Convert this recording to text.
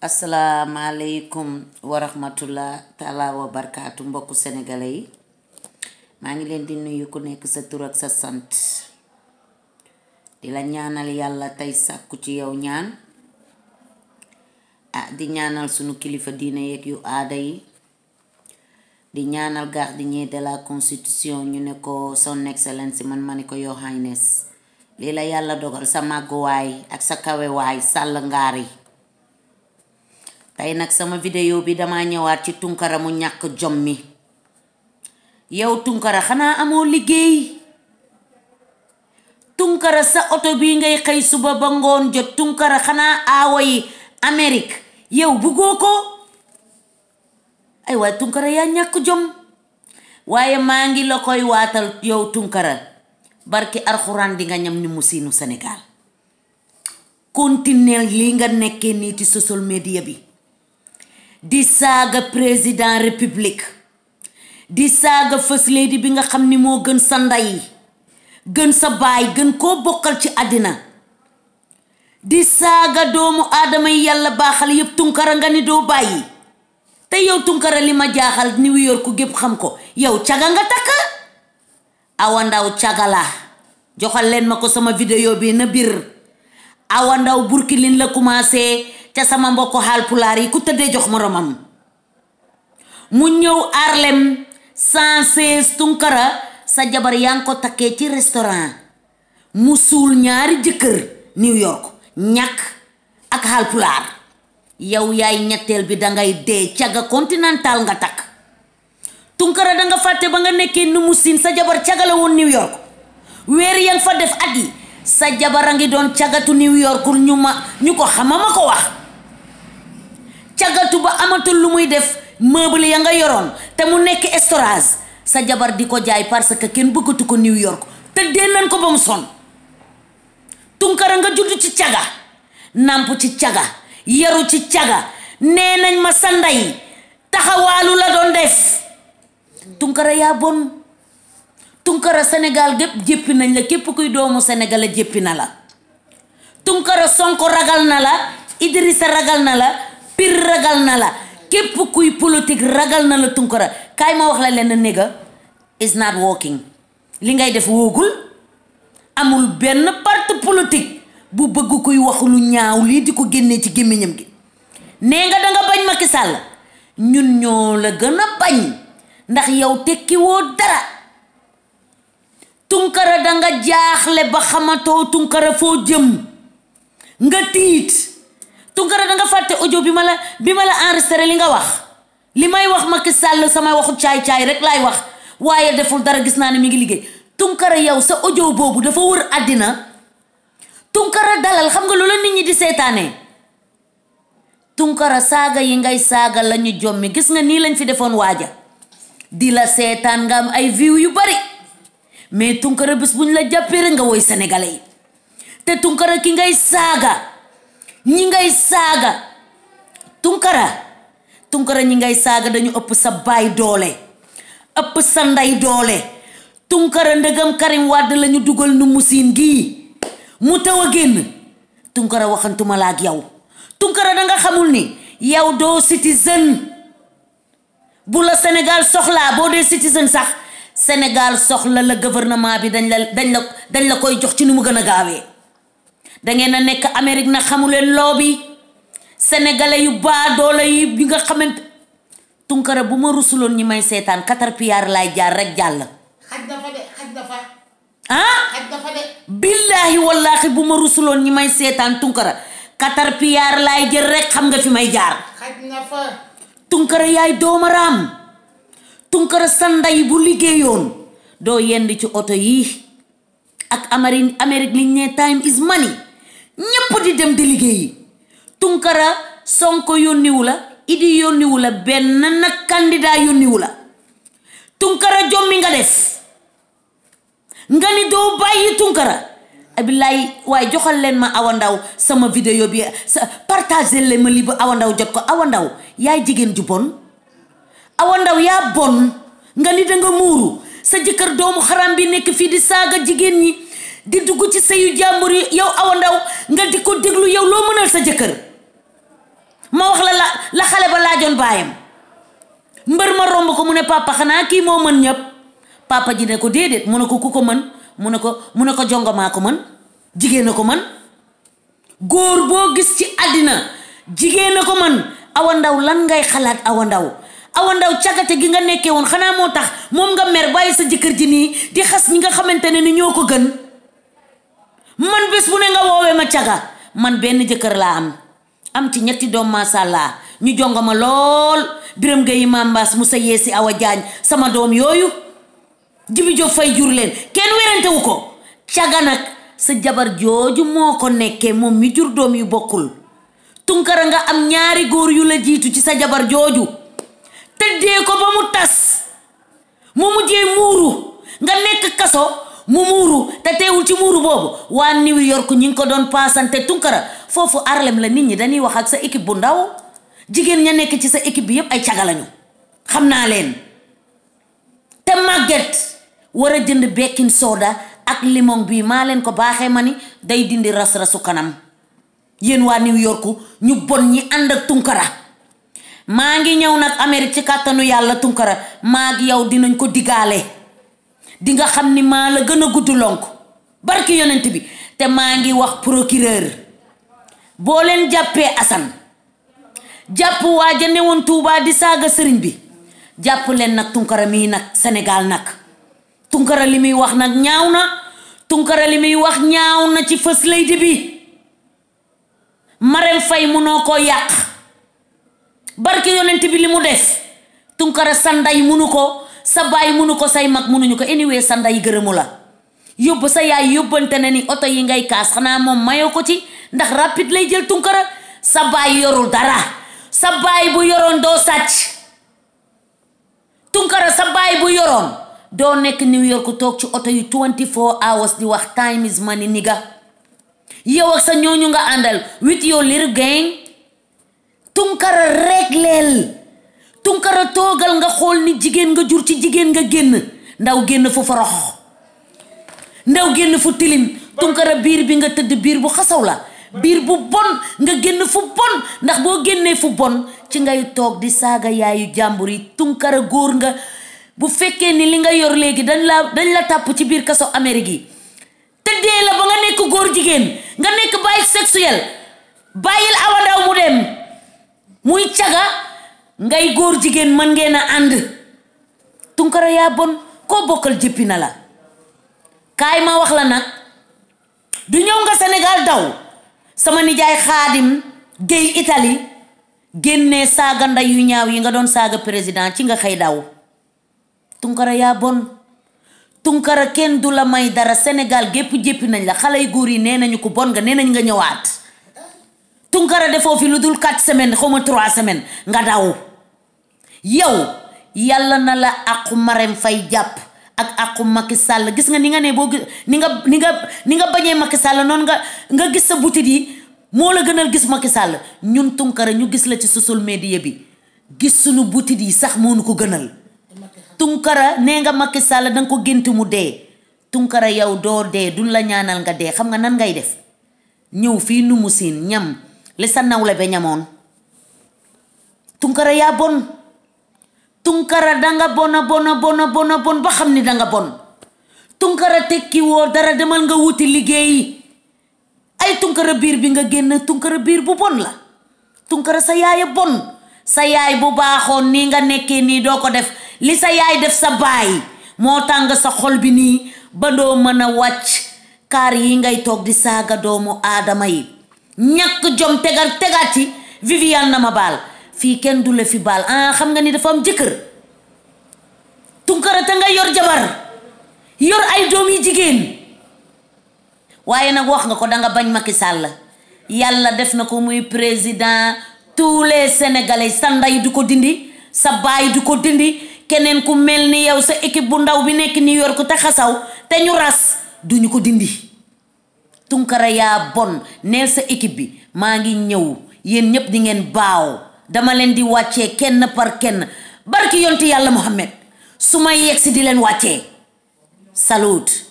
asalaamaaleykum wa rahmatullah taala barkaatu mbokku sénégalais yi maa ngi leen di nuyu ku nekk sa tur ak sa sant di la ñaanal yàlla tey sàkku ci yow ñaan ah di ñaanal sunu kilifa diine yeeg yu aada yi di ñaanal gardien de la constitution ñu ne ko son excellence man ma ne ko your highness lii la yàlla dogal sa màgguwaay ak sa kawewaay sàll ngaar yi tay nak sama video bi dama ñëwaat ci tunkara mu ñak jom mi yow tunkara xana amo liggey tunkara sa auto bi ngay xey suba ba ngon jot tunkara xana aawo yi yow bu ko ay waaye tunkara ya ñak jom waye ya maa ngi la koy watal yow tunkara barki alcorane di nga ñam ni musinu senegal continuel li nga nekké ni ci social media bi di saaga président république di saaga fës lady bi nga xam ni moo gën sa ndey gën sa baay gën koo bokkal ci àddina di saaga doomu aadama yi yàlla baaxal yëpp tunkara nga ni doo bàyyi te yow tunkara li ma jaaxal New York gépp xam ko yow caga nga takk awandaw caga la joxal leen ma ko sama video bi na bir awa ndaw burkilin la commencé ca sama mbokk haalpulaar yi ku tedde jox moromam mu ñew arlem sase tungkara, tunkara sa jabar yang Musulnyar ko takke ci restaurant mu ñaari New York ñak ak pular. yow yaay ñettel bi dé dee caga continental nga Tungkara tunkara danga fatte ba nga nekké nu mu sa jabar won New York weer yang fa def adi sa jabar a ngi doon cagatu New York ñu ma ñu ko xamama ko wax cagatu ba amatul lu muy def meuble ya nga yoroon te mu nekk storage sa jabar di ko jaay parce que kenn bëggatu ko New York te nañ ko ba mu son tunkara nga judd ci caga nàmp ci caga yaru ci caga nee nañ ma sa ndey taxawaalu la doon def tunkara yaa bon Tunkara Sénégal gépp jéppi nañ la képp kuy doomu Sénégal la jéppi na la Tunkara Sonko ragal na la Idrissa ragal na la piir ragal na la képp kuy politique ragal na la Tunkara kaay ma wax la lenn néga is not working li ngay def woogul amul benn parti politique bu bëgg kuy wax lu ñaaw lii di ko génnee ci gémmiñam gi nee nga danga bañ Macky Sall ñun ñoo la gën a bañ ndax yow tekki woo dara tunkara danga jaxle ba xamato tunkara fo jëm nga tit tunkara danga fàtte audio bimala bimala la bima la enregistrer li nga wax li may wax Macky Sall sama waxu chay chay rek lay wax waye deful dara gis na ni mi ngi liggéey tunkara yow sa audio bobu dafa wër adina tunkara dalal xam nga loola nit ñi di sétané tunkara saga yi ngay saga lañu jommi gis nga ni lañ fi defon waja di la seetaan nga am ay view yu bari mais tunkara bis buñ la jàppee nga woy sénégalais te tunkara ki ngay saga ñi ngay saga tunkara tunkara ñi ngay saga dañu upp sa bay doole upp sa nday doole tunkara ndegam Karim wad lañu duggal nu musin gi mu taw a tunkara waxantuma la ak yow tunkara nga xamul ni yaw do citizen bu la Sénégal soxla bo citizen sax Sénégal soxla la gouvernement bi dañ la dañ la dañ la koy jox ci nu mu gën a gaawee dangeen a nekk Amérique na xamuleen loo bi sénégalais yu baa doole bi nga xamant tunkara bu ma rusuloon ñi may seetaan katar piyaar laay jaar rek jàll xaj na fa de xaj na ah? bu ma ñi may seetaan tunkara katar piyaar laay jël rek xam nga fi may jaar xaj na tunkara yaay doomaraam tunkara sanday bu liggéeyoon doo yend ci oto yi ak amari Amérique liñ ne time is money ñépp di dem di liggéeyi tunkara sonko yónniwu la idi yónniwu la benn nag candidat yónniwu la tunkara jommi nga des nga ni doo bàyyi tunkara abilaay waaye joxal leen ma awandaw sama vidéo bi sa partager leen ma li ba awandaw jot ko awandaw yaay jigéen ju bon awa ya bon nga ni danga muru sa jëkkër doomu kharam bi nek fi di saga jigen ni di dugg ci sayu jamburi yow awa ndaw nga di ko deglu yow lo meunal sa mo wax la la xale ba bayam mbeur ma romb ko papa xana ki mo ñep papa ji ne ko dedet mu ko kuko man mën ko mu ko langgai ko man jigéen gis ci adina lan ngay xalat awandaw awa ndaw ciagate gi nga nekké won xana moo tax moom nga mer baye sa jëkër ji ni di xass ñi nga xamantene ni ñoko gën man bes bu ne nga wowe ma ciaga man benn jëkër la am am ci ñetti doom masàllaa ñu jongama ma lool biram gayi bass musa yesi awa jaagne sama doom yoyu jibi jo fay jur leen kenn wérante wuko ciaga nak sa jabar joju moko nekké mom mi jur doom yu bokul tunkara nga am ñaari goor yu la jitu ci sa jabar joju tëddee ko ba mu tas mu mujjee muuru nga nekk kaso mu muuru te teewul ci muuru boobu waa New York ñi ngi ko doon paasante Tunkara foofu Harlem la nit ñi dañuy wax ak sa équipe bu ndaw jigéen ña nekk ci sa équipe bi yépp ay cagalañu xam naa leen te màgget war a jënd bekkin sooda ak limon bii maa leen ko baaxee ma ni day dindi ras-rasu kanam yéen waa New York ñu bon ñi ànd ak Tunkara maa ngi ñëw nag Amérique ci kàttanu yàlla tunkara maa yow dinañ ko digaale di nga xam ni maa la gën a gudd lonk barki yonent bi te maa ngi wax procureur boo leen jàppee Assane jàpp waa ja newoon Touba di saaga sëriñ bi jàpp leen nag tunkara mii nag senegaal nag tunkara li muy wax nag ñaaw na tunkara li muy wax ñaaw na ci fës lay di bi Marème Faye munoo koo yàq barke yonent bi li mu des tunkara sa nday munu ko sa baay munu ko say mag munuñu ko anyway sa nday gërëmu la yóbbu sa yaay yóbbante na ni oto yi ngay kaas xanaa moom mayoo ko ci ndax rapide lay jël tunkara sa baay yorul dara sa baay bu yoroon doo sàcc tunkara sa baay bu yoroon doo nekk New York toog ci oto yi 24 hours di wax time is money niga yow ak sa ñooñu nga àndal with your little gang tunkar reglel tunkar togal nga xol ni jigen nga jur ci jigen nga genn ndaw genn fu farox ndaw genn fu tilim tunkar bir bi nga tëdd bir bu xasaw la bir bu bon nga genn fu bon ndax bo genné fu bon ci ngay tok di saga yaayu jamburi, tunkar gor nga bu fekke ni li nga yor legi dañ la dañ la tap ci bir kasso Amérique teddé la ba nga nek gor jigen nga nek baye sexuel bayil awa daw mu dem muy tiaga ngay gor jigen man ngeena and tunkara ya bon ko bokal jepina la kay ma wax la nak du ñew nga senegal daw sama nijaay khadim gey italy genné saga nday yu ñaaw yi nga don saga president ci nga xey daw tunkara ya bon tunkara ken dula may dara Senegal gep jëppi la xale gor yi nenañu ko bon nga nenañ nga ñewat Tounkara defoo fi lu dul quatre semaines xaw ma trois semaine nga daw yow yàlla na la àqu mareem fay jàpp ak àqu Macky sàll gis nga ni nga ne boo ni nga ni nga ni nga bañee Macky Sall noonu nga nga gis sa butit yi moo la gënal gis Macky sàll ñun Tounkara ñu gis la ci social media bi gis suñu butit yi sax moo nu ko gënal Tounkara nee nga Macky Sall danga ko gént mu dee Tounkara yow doo dee duñ la ñaanal nga dee xam nga nan ngay def ñëw fii nu siin ñam li sa nawle ba ñamoon tunkara yaa bon tunkara danga bona bona bona bona bon ba xam ni danga bon tunkara tekki woo dara demal nga wuti liggéeyi ay tunkara biir bi nga génn tunkara biir bu bon la tunkara sa yaaya bon sa yaay bu baaxoon nii nga nekkee nii doo ko def li sa yaay def sa baay moo tàng sa xol bi nii ba doo mën a wàcc kaar yi ngay toog di saaga doomu aadama yi ñàkk jom tegal tegaat ci Viviane na ma baal fii kenn du la fi baal ah xam nga ni dafa am jëkkër tunkara te nga yor jabar yor ay doom yi jigéen waaye nag wax nga ko danga bañ Macky Sall yàlla def na ko muy président tous les sénégalais sa ndey du ko dindi sa baay du ko dindi keneen ku mel ni yow sa équipe bu ndaw bi nekk New York te xasaw te ñu ras duñu ko dindi tunkara yaa bon neel sa équipe bi maa ngi ñëw yéen ñépp di ngeen baaw dama leen di wàcce kenn par kenn barki yonti yàlla Muhammad su ma yegsi di leen wàccee salut